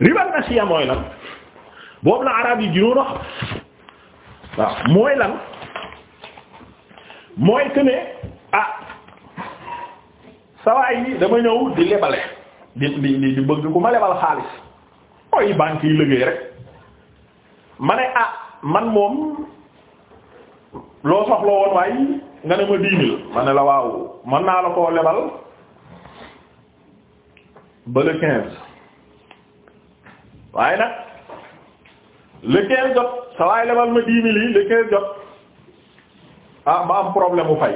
ribal nasiya mooy lan boobu la arab yi ginoon a waaw mooy lan mooy que ah sawaay yi dama ñëw di lebale di di di bëgg ku ma lebal xaalis mooy banque yi liggéey rek ma ah man moom loo soxla woon waaye nga ne ma dix mille ma la waaw mën naa la koo lebal ba quinze waaye nag le quinze jot sa waay lebal ma dix mille yi le quinze jot ah ma am problème mu fay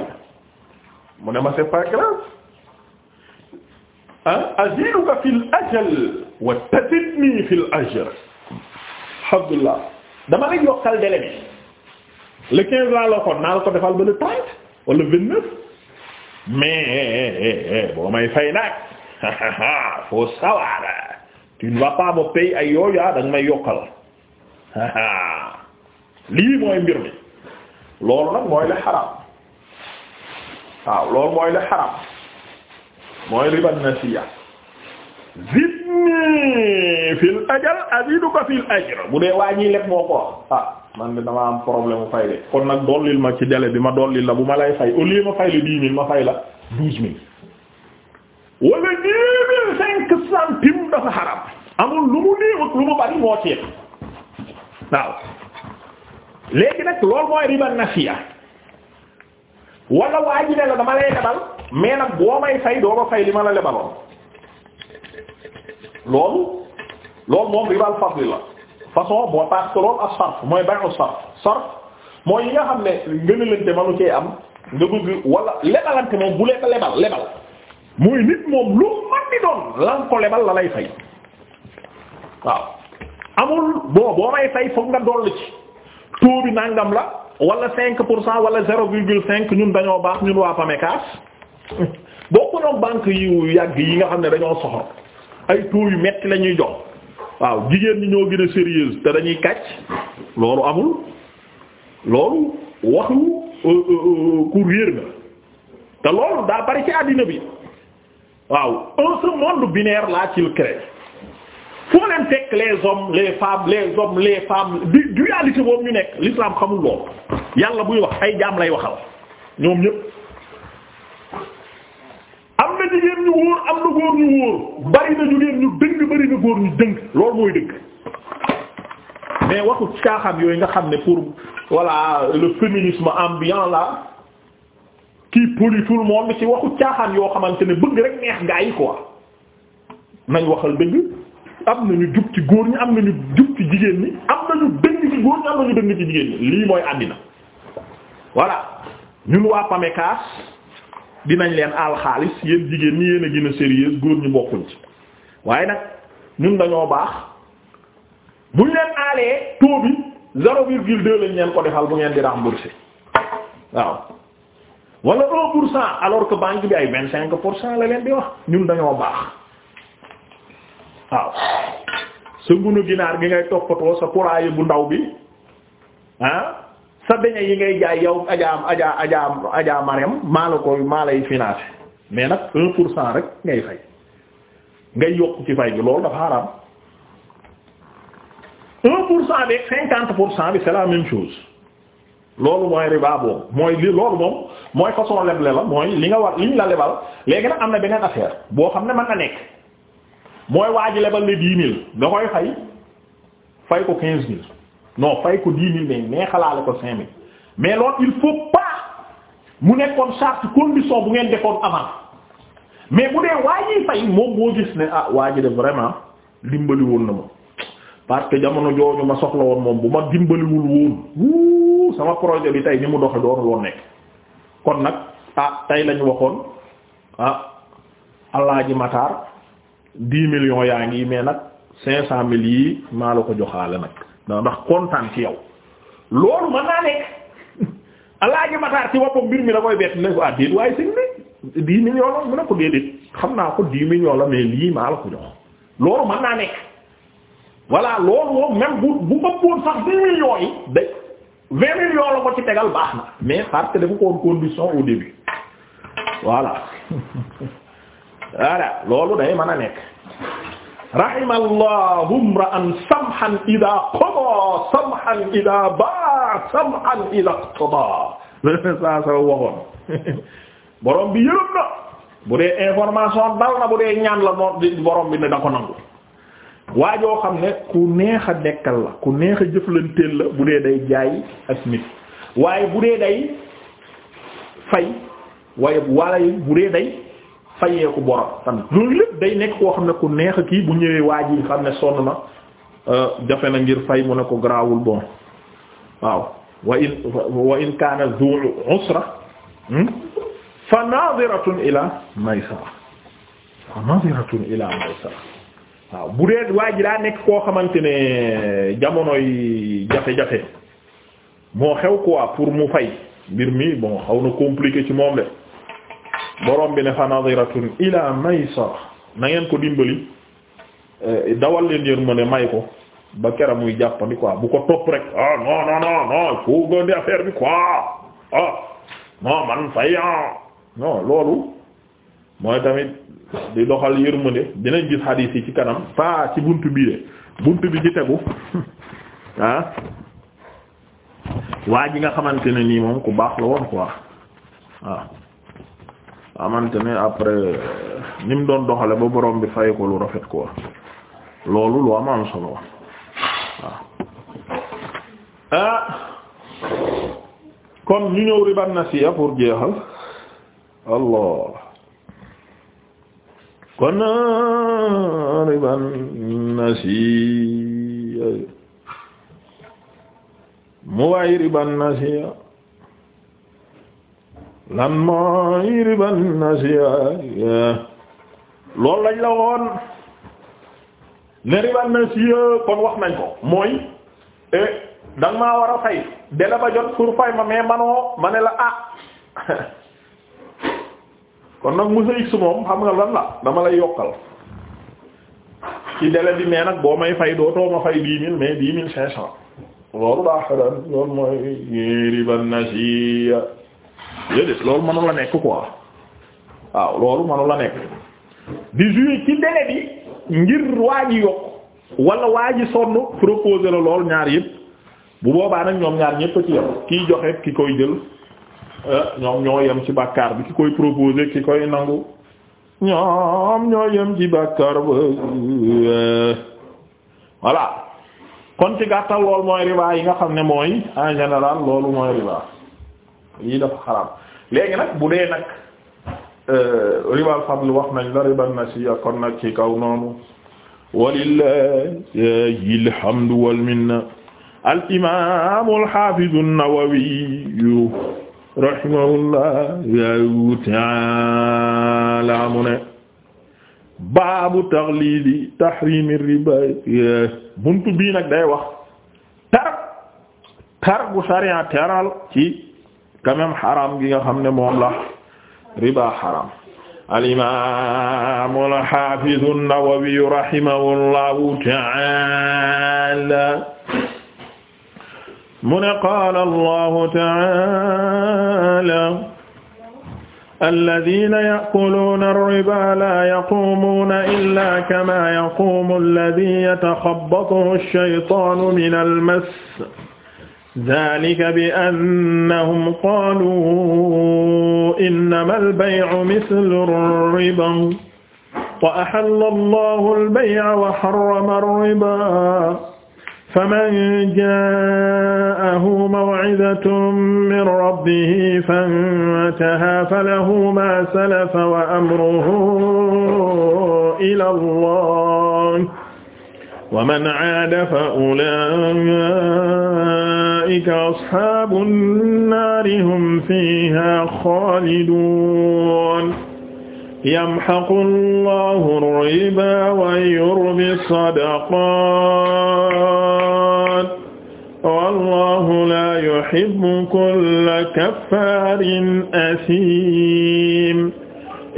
mu ne ma c'est pas grave ah aziduka fil ajal wa tazidni fil ajr alhamdulillah dama lay yokkal délai bi le quinze laa la ko naa la ko defal ba le trente wala vingt neuf mais eh, eh, eh, boo may fay nag faut savoir tu ne vas pas ay yooyu ah may yokkal lii mooy mbir mi loolu nag mooy le xaram waaw loolu mooy le xaram mooy riba nasiya zidni fil ajal aziduka fil ajr bu dee waa ñii leb moo ko ah man de damaa am problème bu fay de kon nag dollil ma ci délai bi ma dollil la bu ma lay fay au ma fay la dix mille ma fay la douze wala deux mille cinq centimes dafa xaram amul lu mu néew ak lu mu bari moo ci waaw léegi nag loolu mooy na nasiya wala waa ji ne la dama lay lebal mais nag boo may fay doo ma fay li ma la lebaloon loolu loolu moom ribal fadli la façon boo parce que loolu mooy bay'u sarf sarf mooy nga xam ne ngënalante mënu cee am nga bëgg wala lebalante moom bu lekk lebal lebal mooy nit moom lu man di doon lan ko la lay fay waaw amul boo boo may fay foog nga dolli ci taux bi la wala cinq pour cent wala zéro virgule cinq ñun dañoo baax ñun waa PAMECAS boo ko doon banque yu yàgg yi nga xam ne dañoo soxor ay taux yu metti la ñuy jox waaw jigéen ñi ñoo gën a sérieuse te dañuy kàcc loolu amul loolu waxu euh, euh, euh, ku réer te loolu daa bari ci àddina bi waaw en ce monde binaire là qu'il crée foo leen fekk les hommes les femmes les hommes les femmes du dualité boobu ñu nekk l'islam xamul loolu yàlla buy wax ay jaam lay waxal ñoom ñëpp. am na jigéen ñu wóor am na góor ñu wóor bari na jigéen ñu dëng bari na góor ñu dëng loolu mooy dëgg mais waxu caaxaan yooyu nga xam ne pour voilà le féminisme ambiant là. kii poli tout le monde ci waxu caaxaan yoo xamante ne bëgg rek neex gaa yi quoi nañ waxal dëgg am nañu jub ci góor ñi am nañu jub ci jigéen ñi am nañu dëng ci góor ñi am nañu dëng ci jigéen ñi lii mooy àddina voilà ñun waa PAMECAS dinañ leen aal xaalis yéen jigéen ñi yéen a gën a sérieux góor ñu bokkuñ ci waaye nag ñun dañoo baax bu ñu leen aalee taux bi zéro virgule deux lañ leen ko defal bu ngeen di rembourser waaw wala un pour cent alors que banque bi ay vingt cinq pour cent la leen di wax ñun dañoo baax waaw sa ngunu ginaar gi ngay toppatoo sa poulailler bu ndaw bi ah sa beñe yi ngay jaay yow ajaam aja aja aja marem maa la koy maa lay financé mais nag un pour cent rek ngay fay ngay yokk ci fay bi loolu dafa haram un pour cent beeg cinquante pour cent bi c'est la même chose loolu mooy riba boobu mooy li loolu moom mooy façon leble la mooy li nga war liñ la lebal léegi nag am na beneen affaire boo xam ne mën na nekk mooy waa ji lebal la dix mille nga koy fay fay ko quinze mille non fay ko dix mille mais mais xalaale ko cinq mille mais loolu il faut pas mu nekkoon charte condition bu ngeen defoon avant mais bu dee waa jiy fay moom moo gis ne ah waa de vraiment dimbali woon na ma parce que jamono jooju ma soxla woon moom bu ma dimbaliwul woon wuu sama projet bi tey ni mu doxe doonu woon nekk kon nag ah tey lañu waxoon ah alaaji Matar dix millions yaa ngi mais nag cinq cent mille yi maa la ko joxaale nag ndax kontaan ci yow loolu mën naa nekk alaaji Matar ci woppam mbir mi da koy bett ne ko ah, déet waaye sëñ bi millions mu ne ko déedéet xam naa ko dix millions la mais lii maa la ko jox loolu mën naa nekk voilà loolu moom même bu bu ëppoon sax dix millions yi da vingt millions la ko ci tegal baax na mais parce que dafa ko woon condition au début voilà voilà loolu day mën a nekk rahimallahu imra'an samhan ida qada samhan ida ba samhan ida qada lene saa sa waxoon borom bi yërëm na bu dee information dal na bu dee ñaan la noon borom bi ne da ko nangu waa joo xam ne ku neex a dekkal la ku neex a jëflanteel la bu dee day jaay ak nit waaye bu dee day fay waaye waaye bu dee day fayeeku borom tamit loolu lépp day nekk koo xam ne ku neex a kii bu ñëwee waa ji xam ne sonn na euh, jafe na ngir fay mu ne ko garaawul bon waaw wa in wa in kaana zu usra hmm? fa nadiratun ila maysara fa nadiratun ila maysara waaw bu dee waa ji daa nekk koo xamante ne jamonoy jafe-jafe moo xew quoi pour mu fay mbir mi bon xaw na compliqué ci moom de borom bi ne fa nadiratun ila maysara na ngeen ko dimbali eh, dawal leen yéen may ko ba kera muy jàppandi bu ko topp rek ah non non non non foo gën di affaire bi quoi ah man fay ah loolu mooy tamit. di doxal yërmande dinañ gis xadiis yi ci kanam paa ci bunt bi de bunt bi ci tegu ah waa ji nga xamante ne nii moom ku baax la woon quoi waaw xamante ne après ni mu doon doxale ba boroom bi fay ko lu rafet quoi loolu lu am am solo waaw ah, kon ñu ñëw riban nasiya pour jeexal Allah kon riban nasiya mu waay riban nasiya lan mooy riban nasiya loolu lañ la woon ne riban nasiya kon wax nañ ko mooy eh, danga maa war a fay ba jot pour fay ma mais manoo ma ne la ah kon nag monsieur X moom xam nga lan la dama lay yokkal ci délai bi mais nag boo may fay dootoo ma fay dix mille mais dix mille cinq cent loolu daa xaran loolu mooy riban nasi yédét loolu mënu la nekk quoi waaw loolu mënu nekk di jouer ci délai bi ngir waa ji yokk wala waa sonn proposer la lool ñaar yëpp bu boobaa nag ñoom ñaar ñëpp a ci yow kiy joxe ki koy jël Eh, ñoom ñoo yem ci bàkkaar bi ki koy proposé ki koy nangu ñoom ñoo yem ci bàkkaar ba eh. voilà kon ci gàttal loolu mooy riba yi nga xam ne mooy en général loolu mooy riba lii dafa xaraam léegi nag bu dee nag eh, ribal fadl wax nañ la ribal nasiya kon nag ci kaw noonu walillahi alhamdu wal minna al imam al hafiz rahimahullahu ta'ala mu ne baabu taxliidi tahrimi riba buntu bii nag day wax tar tar gu sariya teral ci quand même xaram gi nga xam ne moom la riba xaram al-imaam al-haafiz an-Nawawi rahimahullahu ta'ala mu ne qaala allahu taala alladina yakuluuna alriba laa yaquumuuna illa kama yaquumu alladi yataxabatuhu alshaytaanu min almas dalika bi annahum qaaluu innama albay'u mislu alriba wa axalla allahu albay'a wa xarrama alriba faman jaahu maw'idatun min rabbihi fantaha falahu ma salafa wa amruhu ila Allah wa man 'aada fa ulaa'ika ashaabun naari hum fiihaa xaaliduun yamhaqu llahu riba wa yurbi sadaqaat wallahu la yuhibbu kulla kaffaarin asiim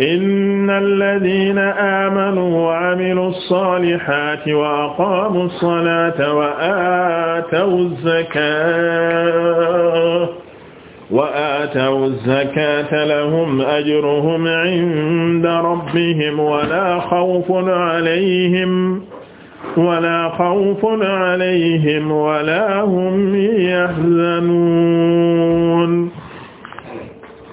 innal ladhiina aamanuu wa amiluu s-saalihaati wa aqaamuu s-salaata wa aatawu z-zakaata wa aatawu zakata lahum ajruhum inda rabbihim wala xawfun alayhim wala xawfun alayhim wala hum yahzanuun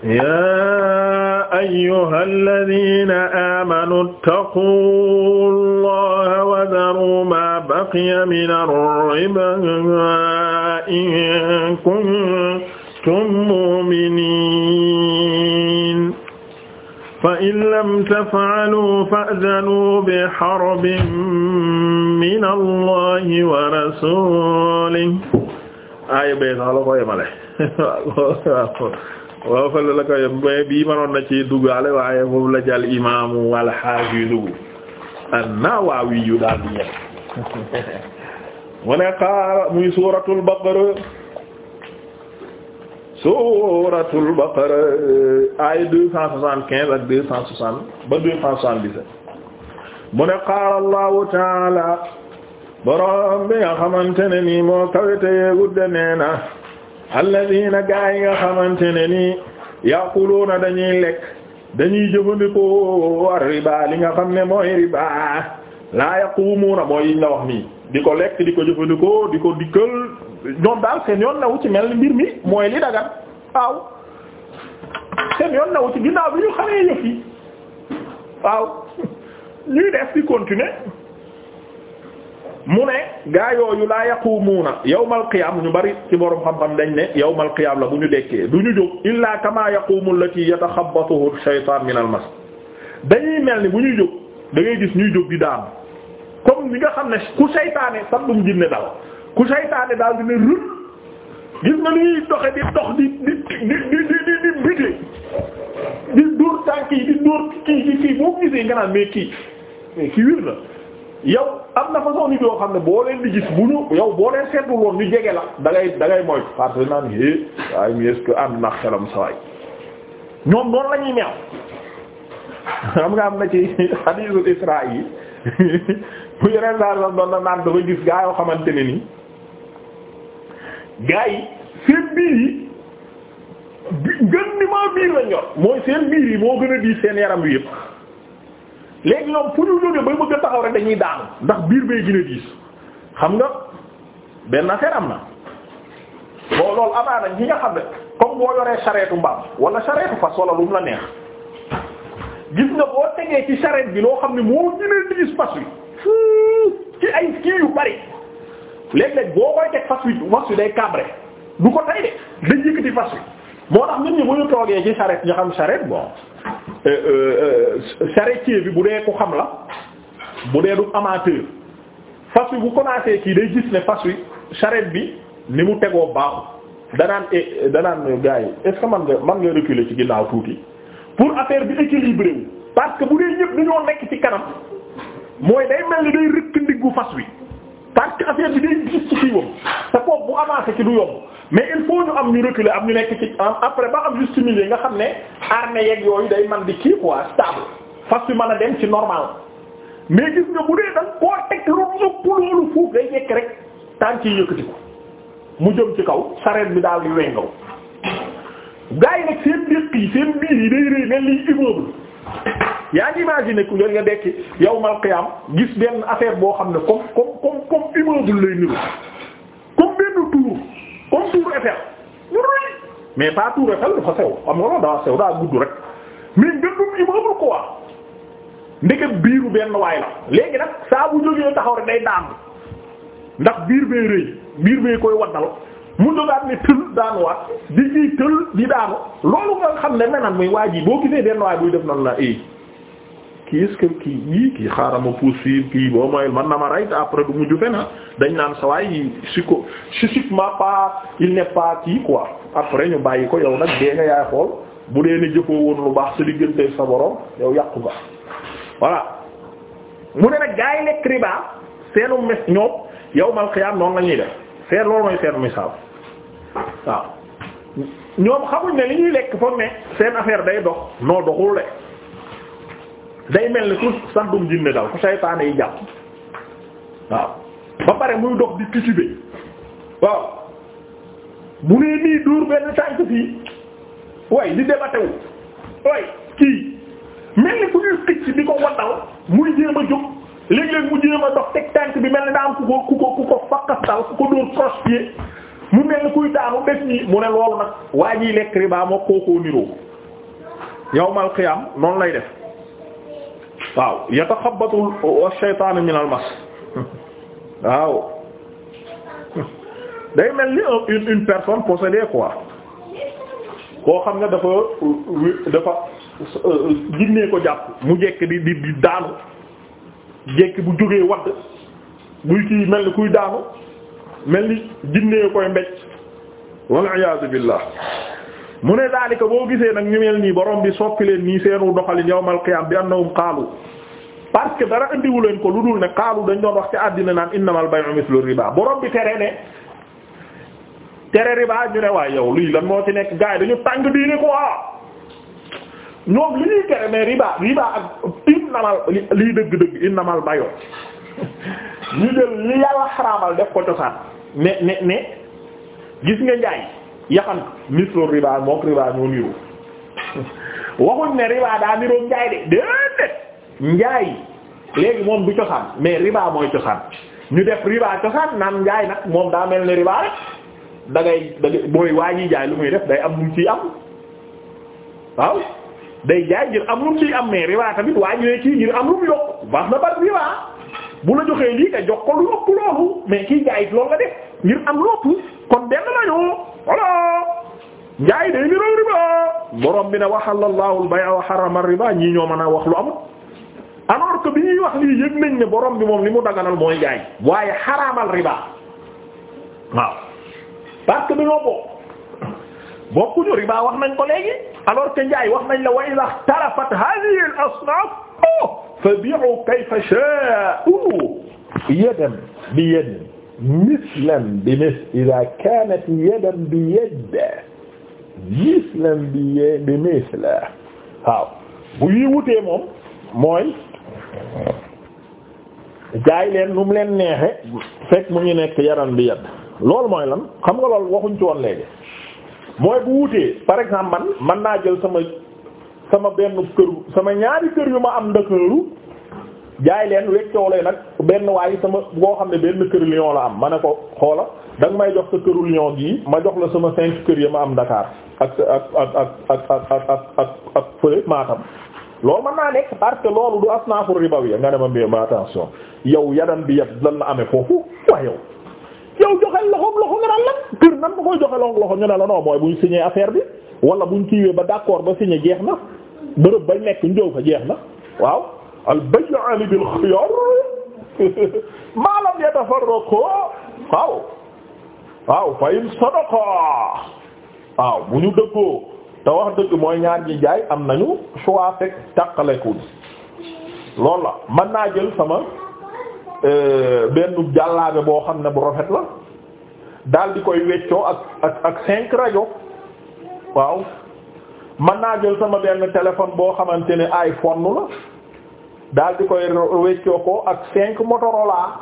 yaa ayyuhal laziina aamanu ittaqullaha wa zaruu maa baqiya mina rribaa in kuntum kuntum mu'minin fa in lam taf'alu fa'zanu bi harbin min allahi wa rasulihi aaya bee sax la ko yemale waaw fële la ko yem mais bii mënoon na ci duggaale waaye foofu la jàll imaamu wal haafidu an-Nawawi yu daal di yem mu ne qaala muy suuratul Baqara suuratul baqara ay deux cent soixante quinze ak deux cent soixante ba deux cent mu ne qaala allahu taala borom bi nga xamante ne nii moo kawete yeegudde nee na alladina gaa yi nga xamante ne nii yaquluuna dañuy lekk dañuy jëfandikoo ar riba li nga xam ne mooy riba laa yaqumuuna mooy yiñ la wax nii di ko lekk di ko jëfandikoo di ko dikkal ñoom daal seen yoon newu ci mel ni mbir mi mooy li dagan waaw seen yoon newu ci ginnaaw bi ñu xamee yëf yi waaw ñuy def di continuer mu ne gaa yooyu laa yaqumuuna yawmal qiyaam ñu bari ci boroom xam-xam dañ ne yawmal qiyaam la bu ñu dekkee du ñu jóg illaa kamaa yaqumu allati yataxabbatuhu ash-shaytaan min al dañuy mel ni bu ñuy jóg da gis ñuy jóg di daanu comme ni nga xam ne ku seytaane sax du mu dal ku seytaane daal dina rut gis na ni doxe di dox di di di di di di bite tànk yi di dóor kii kii boo gisee nga naan mais kii mais kii na yow am na façon nit yoo xam ne boo leen di gis bu ñu yow boo leen seetlu woon ñu jege la da ngay da ngay moy parce que naan waaye mi est-ce na xelam sawaay ñoom noonu la ñuy meew xam nga am na ci hadiisul Israa yi bu yeneen daal doon na naan dafa gis gaa yoo xamante ne nii gaa yi seen biir yi gën ni maa biir la ñor mooy seen biir yi moo gën a diis seen yaram wi yëpp léegi ñoom fu ñu ba bay bëgg a taxaw rek dañuy daanu ndax biir bay gën a diis xam nga benn affaire am na boo lool amaana ñi nga xam ne comme boo yoree charrette mbaam wala charrette fas wala lu mu la neex gis nga boo tegee ci charrette bi loo xam ne moo gën a diis fas wi ci ay kii yu bari léeg-léeg boo koy teg fas wi fas day cabré du ko tay de day yëkkati fas wi moo tax nit ñi bu ñu toogee ci charrette ñu xam charrette bon euh, euh, charretier bi bu dee ku xam la bu dee du amateur fas wi bu commencé kii day gis ne fas wi charrette bi ni mu tegoo baaxu danaan eh, danaan gars yi est-ce que man nga man nga reculer ci ginnaaw tuuti pour affaire bi équilibré wu parce que bu dee ñëpp dañoo nekk ci kanam mooy day mel ni day rëkk ndiggu fas wi parce que affaire bi day gis ci kiiwam te kooku bu avancé ci du yomb mais il faut ñu am ñu reculer am ñu nekk ci après ba am juste milieu nga xam ne armée yeeg yooyu day man di kii quoi stable fas bi man a dem ci normal mais gis nga bu dee da koo teg lu ëpp loolu foofu day yekk rek tànk yi yëkkati ko mu jëm ci kaw sareet bi daal di wengaw gars yi nag seen dëkk yi seen biir yi day rëy mel ni immeuble yaa ngi imaginer ku nga dekki yawmal qiyaam gis benn affaire boo xam ne comme comme comme comme immeuble lay niru comme benn tour comme tour Eiffel ñu rëy mais pas tour Eiffel dafa sew am nga loolu daa sew daa gudd rek mais gëndum immeuble quoi ndeket biiru benn waay la léegi nag saa bu jógee taxaw rek day daan ndax biir bee rëy biir bee koy waddal mu dogaat ne tël daanuwaat di di tël di daanu loolu nga xam ne menaan muy waa ji boo gisee benn def noonu kii est-ce kii yii kii xaaral ma poursuivre kii boo mooy man na ma rey après du mujj fenn ah. dañ naan sa waay psycho psychiquement pas il n'est pas kii quoi après ñu bàyyi ko yow nag dee nga yaay xool bu dee ne jëfoo woon lu baax sa diggante sa borom yow yàqu nga voilà mu ne nag gaa yi lekk riba seenu mes ñoom yow mal xiyaam noonu la ñuy def seen loolu mooy seen misaal waaw ñoom xamuñ ne li ñuy lekk foog ne seen affaire day dox noo doxul de. day mel ni ku santum jinne dal ku saytaane yi jàpp waaw ba pare muy dox di titubé waaw bu nee nii dóor benn tànk fii way di débatewu way kii mel ni ku ñuy xicc di ko waddal muy jéem a jóg léeg-léeg mu jéem a dox teg tànk bi mel ni daa am ku ko ku ko ku ko ku ko dóor croche-pied mu mel ni kuy daanu def nii mu ne loolu nag waa jiy lekk riba moo kookoo niroo yawmal qiyaam noonu lay def waaw yataxabatu ash-shaytaan min al-mas waaw day mel ni une une personne possédée quoi koo xam ne dafa dafa euh, jinnee ko jàpp mu jekk di di di daanu jekk bu jógee wadd buy kii mel ni kuy daanu mel ni jinnee koy mbéj wal iyaadu billah mu ne daalika boo gisee nag ñu mel nii boroom bi soppi leen nii seenu doxalin yawmal qiyaam bi annahum qaalu parce que dara indiwu leen ko lu dul ne kaalu dañ doon wax ci àddina naan innamal bay'u mislu riba borom bi tere ne tere riba ñu ne waaye yow lii lan moo ci nekk gaay dañu tàng diine ko ñoom li ñuy tere mais riba riba innamal lii dëgg-dëgg innamal bay'u ñu jël li yàlla xaraamal def ko cosaan mais mais mais gis nga njaay yaxan mislo riba mook riba ñoo niru waxuñ ne riba daa niroog njaay de déedéet njaay léegi moom du cosaan mais riba mooy cosaan ñu def riba cosaan naan njaay nag moom daa mel ni riba rek da ngay da ngay booy waa ji jaay lu muy def day am lu mu ciy am mais riba tamit waa ji kii ngir am lu mu yokk baax na ba riba bu la joxee lii nga jox loolu mais kii jaay loolu la def ngir am lu ëpp kon benn la voilà njaay day ni raw borom bi na waxala allahu al-bay'a wa harrama ar-riba ñii ñoo mën a wax lu amul bi wax lii yëg nañ ne borom bi moom li mu daganal mooy njaay waaye xaraamal riba waaw parce que dañoo bokk bokkuñu riba wax nañ ko léegi alors que wax nañ la wa idha ikhtalafat hadhihi al-asnaf fabi'u kayfa sha'u yadan bi yadin mislan bi mis ida kanat yadan bi yedd mislan bi ye bi misla waaw bu yi wutee moom mooy jaay leen nu mu leen neexe fekk mu ngi nekk yaram bi yedd loolu mooy lan xam nga lool waxuñ ci woon léegi mooy bu wutee par exemple man man naa jël sama sama benn kër sama ñaari kër yu ma am ndakaaru jaay leen weccoo lee nag benn waaye sama boo xam ne benn kër Lyon la am ma ne ko xoola da may jox sa këru Lyon gii ma jox la sama cinq kër ya ma am Dakar ak ak ak ak ak ak ak ak fële Matam loolu mën naa nekk parce loolu du asnaafu ribaw ya nga ne ma mbie ma attention yow yadan bi yab lan la amee foofu waa yow yow joxel loxoom loxo nga ñu ne la non mooy buñ signé affaire bi wala buñ kiiwee ba d'accord ba signé jeex na bërëb bañ nekk njëw fa jeex na waaw al-bay'ani bil khiyar ma lam yatafarraqa waaw waaw fa in waaw bu ñu dëggoo te wax dëgg mooy ñaar ñi jaay am nañu choix fekk tàqaleku loolu la mën naa jël sama euh, benn jàllaabe boo xam ne bu rafet la daal di koy weccoo ak ak ak cinq rajo waaw mën naa jël sama benn téléphone boo xamante ne iPhone la daal di koy weccoo ko ak cinq Motorola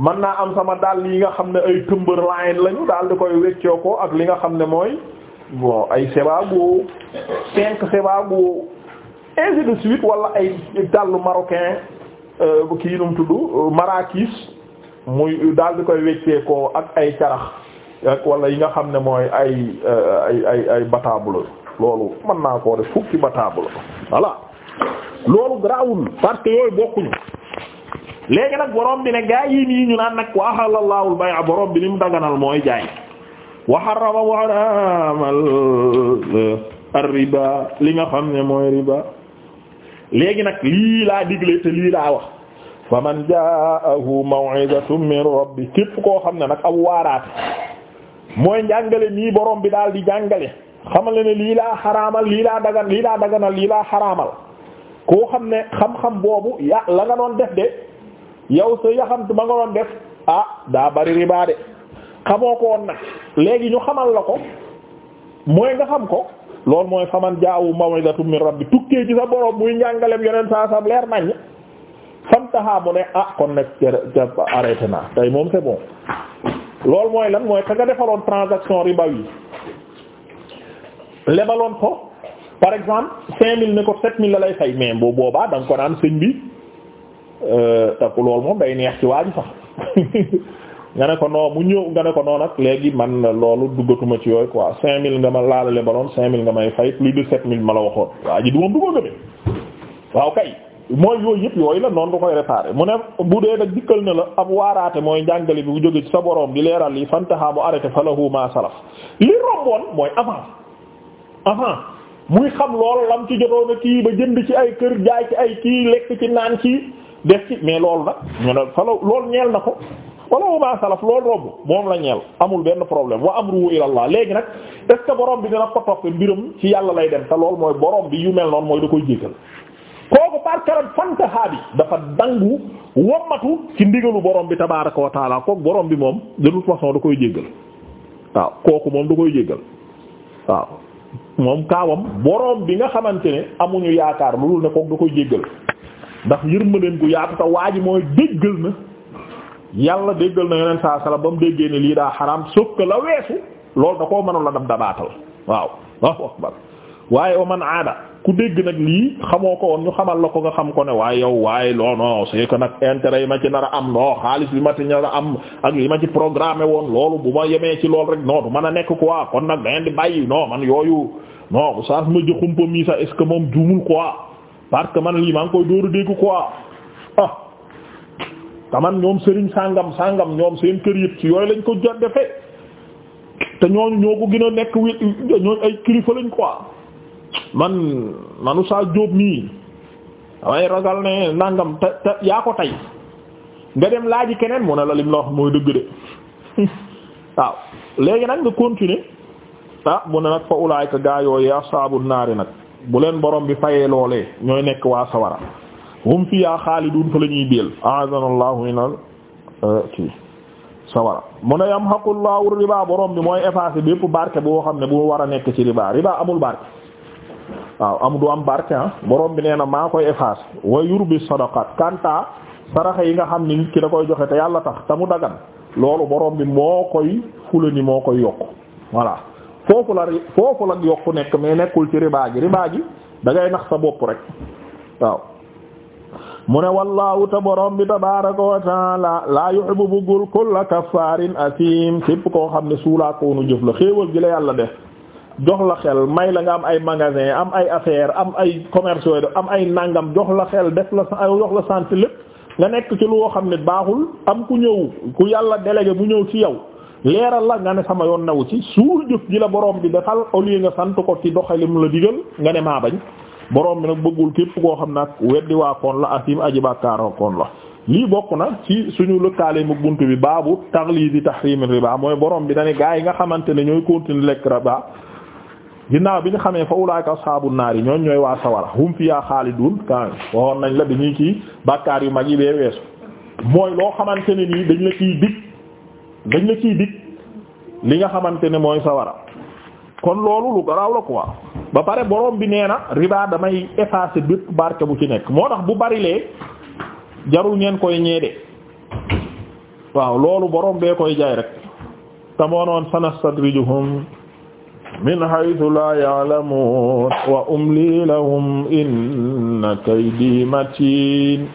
man naa am sama dàll yi nga xam ne ay Timberline lañu daal di koy weccoo ko ak li nga xam ne mooy bon ay Sebago cinq Sebago ainsi de suite wala ay dàllu marocain euh, kii num tudd Marrakech muy daal di koy weccee ko ak ay carax ak wala yi nga xam ne mooy ay euh, ay ay loolu mën naa koo def fukki batabula voilà loolu garaawul parce que yooyu bokkuñu léegi nag borom bi ne gaa yi nii ñu naan nag wa ahallallaahu bi ni mu daganal mooy jaay wa harrama wa haramal ar li nga xam ne mooy riba léegi nag lii laa digle te lii laa fa man ja'ahu maw'izatun xam ne nag ab waaraate mooy njàngale nii borom bi daal di jàngale xamal ne lii laa xaraamal lii koo xam ne xam-xam boobu ya la nga doon def de yow sa yaxamtu ma nga doon def ah daa bari riba de xamoo ko woon nag léegi ñu xamal la ko mooy nga xam ko loolu mooy faman jaawu mawidatu min rabbi tukkee ci sa borom muy njàngalem yoneen saa sam leer nañ fantaha mu ne ah kon nag ca arrêté naa tey moom c'est bon loolu mooy lan mooy ka nga defaloon transaction riba yi lebaloon ko par exemple cinq mille ne ko sept mille la lay fay mais boo boobaa da ko naan sëñ bi euh, te ku loolu moom day neex ci waa ji sax nga ne ko noo mu ñëw nga ne ko noonu nag léegi man loolu duggatuma ci yooyu quoi cinq mille nga ma laalale baloon cinq mille nga may fay plus de sept mille ma la waxoon waa ji du moom du ko gëmee waaw kay mooy yooyu yëpp yooyu la noonu du koy réparer mu ne bu dee nag dikkal na la ab waaraate mooy jàngale bi bu jóge ci sa boroom di leeral yi mu arrêté falahu ma salaf li romboon mooy avant muy xam lool lam ci jotoona kii ba jënd ci ay kër jaay ci ay kii lekk ci naan ci def ci mais loolu nag ñu ne falo loolu ñeel na ko wala wama salaf loolu romb moom la ñeel amul benn problème wa amruhu ila Allah léegi nag des ce que borom bi dina ko topp mbiram ci yàlla lay dem te lool mooy borom bi yu mel noonu mooy da koy jéggal kooku par karam fantahaa bi dafa dangu wommatu ci ndigalu borom bi tabaaraka wa taala kooku bi moom de toute façon da koy jéggal kooku moom da koy jéggal moom kaawam boroom bi nga xamante ne amuñu yaakaar lu dul ne kook da koy jéggal ndax yërmandeem gu yaatu te waa ji mooy déggal na yàlla déggal na yeneen saa sala ba mu déggee ne lii daa xaraam sokka la weesu loolu da koo mënoon la dam dabaatal waaw waaw waaye wa man aada ku dégg nag lii xamoo ko woon ñu xamal la ko nga xam ko ne waaye yow waaye loo non c'est ko nag intérêt yi ma ci nar a am non xaalis bi ma ci nar a am ak li ma ci programme woon loolu bu ma yemee ci loolu rek non du mën a nekk quoi kon nag dangeen di bàyyi noo man yooyu non saa ma jëxumpa mii sax est-ce moom juumul quoi parce que man lii maa ngi koy dóoru dégg quoi ah taman ñoom sëriñ sàngam sàngam ñoom seen kër yëpp ci yooyu lañ ko jot te ñoo ko gën kilifa lañ quoi man manu saa jóob nii damay ragal ne nangam te te yaa ko tey nga dem laaji keneen mu ne la lim la wax mooy dëgg de waaw léegi nag nga continuer ah mu ne nag fa ulaayka gaa yooyu asaabu naari nag bu leen borom bi fayee loolee ñooy nekk waa sawara hum fiyaa xaalidun fa la ñuy béel a'azanallahu minal uh, kii sawara mu ne yamhaqullahu riba borom bi mooy effacer bépp barke boo xam ne bu war a nekk ci riba riba amul barke waaw am du am barke ah. borom bi nee na maa koy effacer wa yurbi sadaqat kanta saraxa yi nga xam ni nit ki da koy joxe te yàlla tax te mu dagan loolu borom bi moo koy fula ni moo koy yokk voilà foofu la foofu la yokk nekk mais nekkul ci ribaa ji ribaa nax sa bopp rek waaw mu ne wallahu te borom bi tabaraka wa taala laa yuhibbu buggul koo xam ne suulaakoonu jëf la xéewal gi la yàlla de jox la xel may la nga am ay magasin am ay affaire am ay commerce yooyu am ay nangam jox la xel def la jox la santé lépp nga nekk ci lu woo xam ne baaxul am ku ñëw ku yàlla délégué mu ñëw ci yow leeral la nga ne sama yoon naw ci suul jëf ji la borom bi defal au lieu nga sant ko ci doxalim la digal nga ne maa bañ borom bi nag bëggul képp koo xam ne ak weddi waa koon la asim aji bàkkaara koon la lii bokk na ci suñu lëkkaale mu bunt bi baabu taxlidi tahrim riba mooy borom bi dane gaa yi nga xamante ne ñooy continuer lekk riba ginnaaw bi ñu xamee fa ulaayka saabu naar yi ñooñ ñooy waa sawara hum fiyaa xaalidun ka waxoon nañ la dañuy kii bàkkaar yu mag yi bee weesu mooy loo xamante ne nii dañ la ciy dig dañ la ciy dig li nga xamante ne mooy sawara kon loolu lu garaaw la quoi ba pare borom bi nee na riba damay effacer bépp barke bu ci nekk moo tax bu barilee jarul ngeen koy ñeede waaw loolu borom bee koy jaay rek te moo noon sanastadrijuhum min haythu la ya'lamun wa umli lahum inna kaydi matin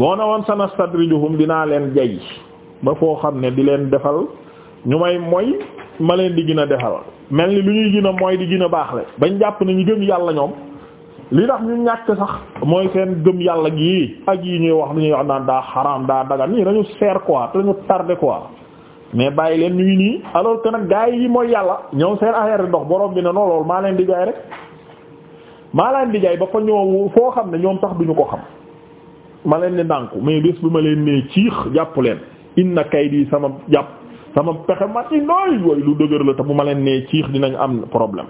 moo na woon sanastadrijuhum dinaa leen jay ba foo xam ne di leen defal ñu may mooy ma leen di gën a defal mel ni lu ñuy gën a mooy di gën a baaxle bañ jàpp ni ñu gëm yàlla ñoom li tax ñu ñàkk sax mooy seen gëm yàlla gi ak yi ñuy wax lu ñuy wax naan daa xaraam daa dagan nii dañu seer quoi te dañu tardé quoi mais bàyyi leen ñu ngi nii alors que nag gars yi mooy yàlla ñëw seen affaire ndox boroom bi ne non loolu maa leen di jaay rek maa leen di jaay ba fa ñëw foo xam ne ñoom sax ñu ko xam ma leen di ndànku mais bi ma leen nee ciix jàpp leen inna kaydi sama jàpp sama pexe ma ci nooy wooyu lu dëgër la te bu ma leen nee ciix dinañ am problème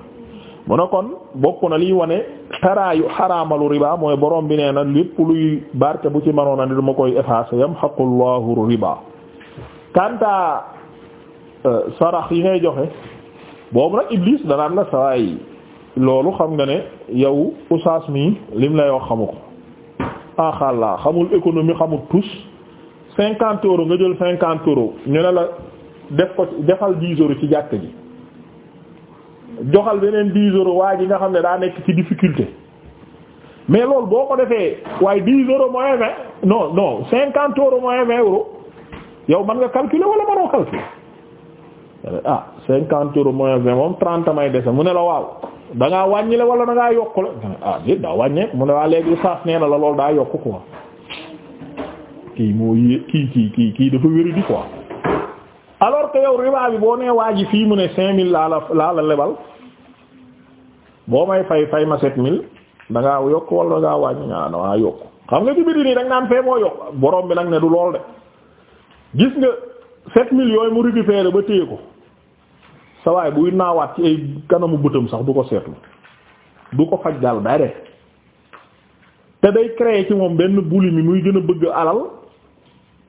mu ne kon bokk na liy wane taraayu xaraamalu riba mooy boroom bi nee na lépp luy barke bu ci manoon a ni duma koy effacer yam xaqullahu riba kanta Euh, sarax yi ngay joxe boobu nag Iblis danaan la sawaay loolu xam nga ne yow usaas mi lim lay wax xamu ko axalla ah, xamul économie xamul tous cinquante euros nga jël cinquante euros ñu ne la def ko defal dix euros ci jàkk ji joxal beneen dix euros waa ji nga xam ne daa nekk ci difficulté mais loolu boo ko defee waaye dix euros mooy vingt non non cinquante euros mooy vingt euros yow mën nga calculer wala mënoo calculer ah cinquante euros moins vingt moom trente may dese mu ne la waaw da ngaa wàññi le wala da yokk le ah déet daa wàññeek mu ne waa ah, léegi saas nee na la loolu daa yokk quoi kii moo yé kii kii boo nee waa ji fii mu ne cinq la laa la lebal boo may fay ma yokk wala da ngaa wàññi nga ah, yokk xam nga ci biir nii da nga naan fee moo yokk borom bi nag ne du lool de gis nga sept mille yooyu mu récupéré ba téye ko. sa waay buy naawaat ci ay kanamu bëtam sax du ko seetlu du ko faj daal day te day créer ci moom benn buli mi muy gën a bëgg alal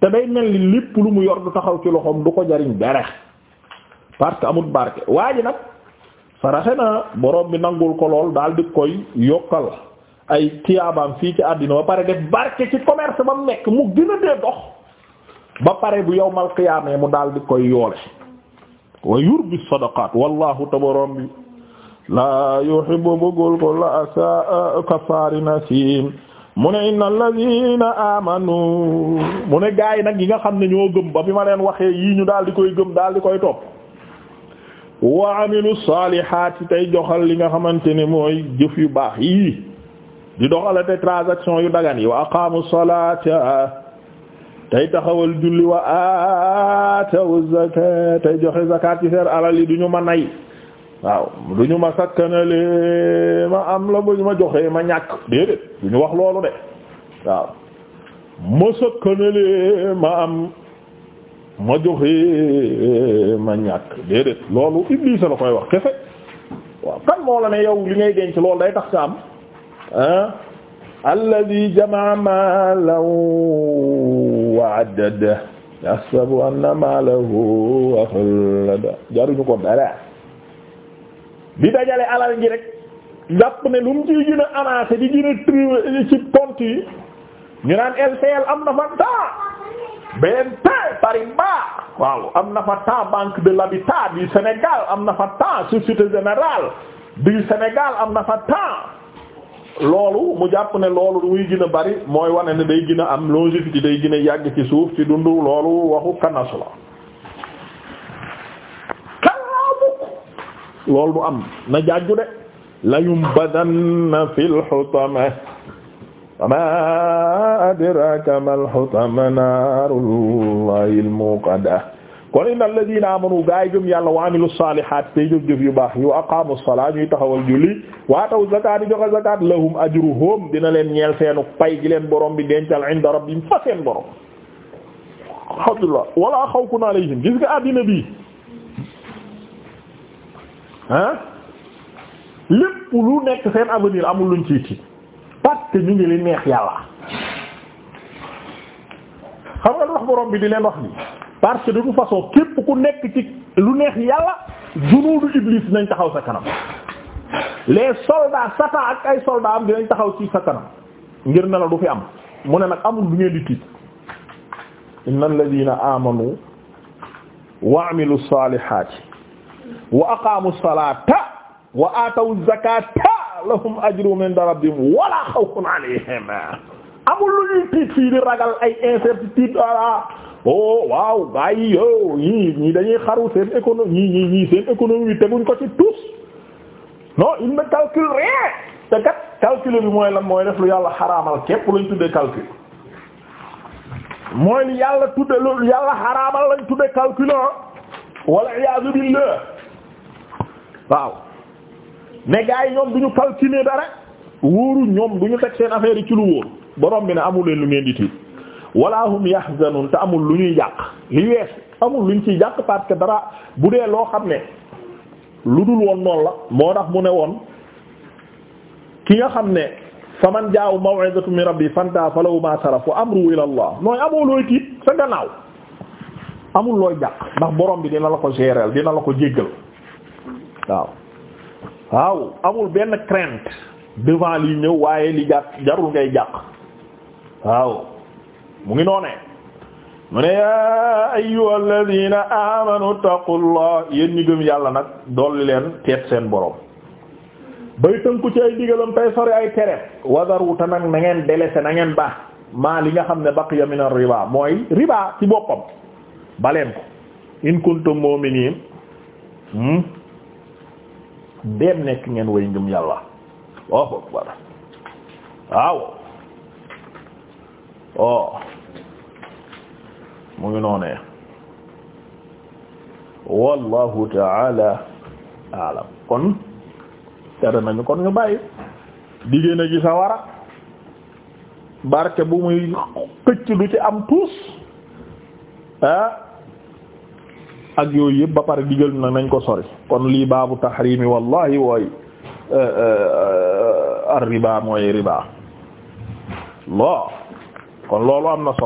te day mel ni lépp lu mu yor du taxaw ci loxoom du ko jariñ dara parce que amul barke waa ji nag saraxe na borom bi nangul ko lool daal di koy yokkal ay tiyaabaam fii ci àddina ba pare def barke ci commerce ba mu nekk mu gën a dee dox ba pare bu yowmal qiyaamee mu daal di koy yoole wa yurbi sadaqaat wallahu tabaram bi laa yuhibbu bëggul ko la asa kafaari nasim mu ne inna alladhina amanu mu ne gaa yi nag yi nga xam ne ñoo gëm ba bi ma leen waxee yii ñu daal koy gëm daal di koy topp wa amilu saalihaati tey joxal li nga xamante ne mooy jëf yu baax yii di doxalate transaction yu dagan yi wa aqaamu salaata tey taxawal julli wa aataw zakat tey joxe zakat ci seen alal yi du ñu ma nay waaw du ñu ma sakkanale ma am la bu ma joxee ma ñàkk déedéet du ñu wax loolu de waaw ma sakkanale ma am ma joxee ma ñàkk déedéet loolu Iblis la koy wax kefe waaw kan moo la ne yow li ngay denc loolu day tax sa am ah alladi jamaa malan wa addada yasabu anna maalahu jaruñu ko dara di dajale alal gi rek jàpp ne lu mu ciy gën a amancé di gën a trier compte yi ñu naan LCL am na fa temps BNP Paribas waaw am na fa temps banque de l'habitat du Sénégal am na fa temps société générale du Sénégal am na fa temps loolu mu jàpp ne loolu muy gën bari mooy wane ne day gën a am longévité day gën a yàgg ci suuf ci dundu loolu waxu kanas la kalaamuk loolu du am jàjju de la yumbadanna fil hutama wama adraka mal hutama narullahi al muqada kon inna alladina amanu gaa yi gëm yàlla wa amilu salihat tey jëf-jëf yu baax yi wa aqamu salaa ñuy taxawal julli waataw zakat dina leen ñeel seenu pay gi leen borom bi dencal inda rabbihim fa seen borom alhamdulillah wala xawfun alayhim gis nga àddina bi ah lépp lu nekk seen avenir amul luñ ciy tiit parce que ngi li neex yàlla xam nga lu wax borom bi di leen wax ni parce que de toute façon képp ku nekk ci lu neex yàlla junuudu iblis nañ taxaw sa kanam les soldats ay soldats am dinañ taxaw ci sa ngir ne la du fi am mu ne nag amul du ngeen di tiit inna alladina amanu wa amilu salihati wa aqamu salata wa atawu zakata lahum ajruhum inda rabbihim wala xawfun alayhim amul lu ñuy tiit fii di ragal ay incertitude oh waaw gars yi yow ñii ñii dañuy xaru seen économie ñii ñii ñii seen économie teguñ ko ci tous non il ne calcule rien te kat calcul bi mooy lan mooy def lu yàlla xaraamal képp lañ tuddee calcul mooy li yàlla tudde lu yàlla xaraamal lañ tuddee calcul ah. wala iyaazu billah waaw mais gars yi ñoom du ñu calculer dara wóoru ñoom du ñu teg seen affaire yi ci lu wóor borom bi ne amu leen lu ngeen di tiit wala hum yahzanun te amul lu ñuy yàq li wees amul lu ñu ciy yàq parce que dara bu dee loo xam ne lu dul woon noonu la moo tax mu ne woon ki nga xam ne faman jaaw maw'izatu min rabbi yi falaw ma saraf wa amru ila nooy amoo looy tiit sa gannaaw amul looy jàq ndax borom bi dina la ko gérer dina la ko jéggal waaw waaw amul benn crainte devant li ñëw waaye li jàq jarul ngay jàq waaw mu ngi noonee mu ne yaa ayyuha alladina amanu taqullah yéen ñi gëm yàlla nag dolli leen teet seen borom bay tënku ci ay digalam tay sori ay tereem wadaru te nag na ngeen délaissé baax maa li nga xam ne baqiya min ar-riba mooy riba ci boppam baleen ko in kuntum mu'minin hmm? dem nekk ngeen way ngëm yàlla waaw o oh. mu ngi noonee wallahu taala alam kon tere nañu kon ñu bàyyi diggéen a gi sa barke bu muy xëcc du ci am tuus ah. ak yooyu yëpp ba pare digal na nañ ko sori kon lii baabu tahrimi wallahi wooy eh, eh, eh, ar mooy riba lo kon loolu am na solo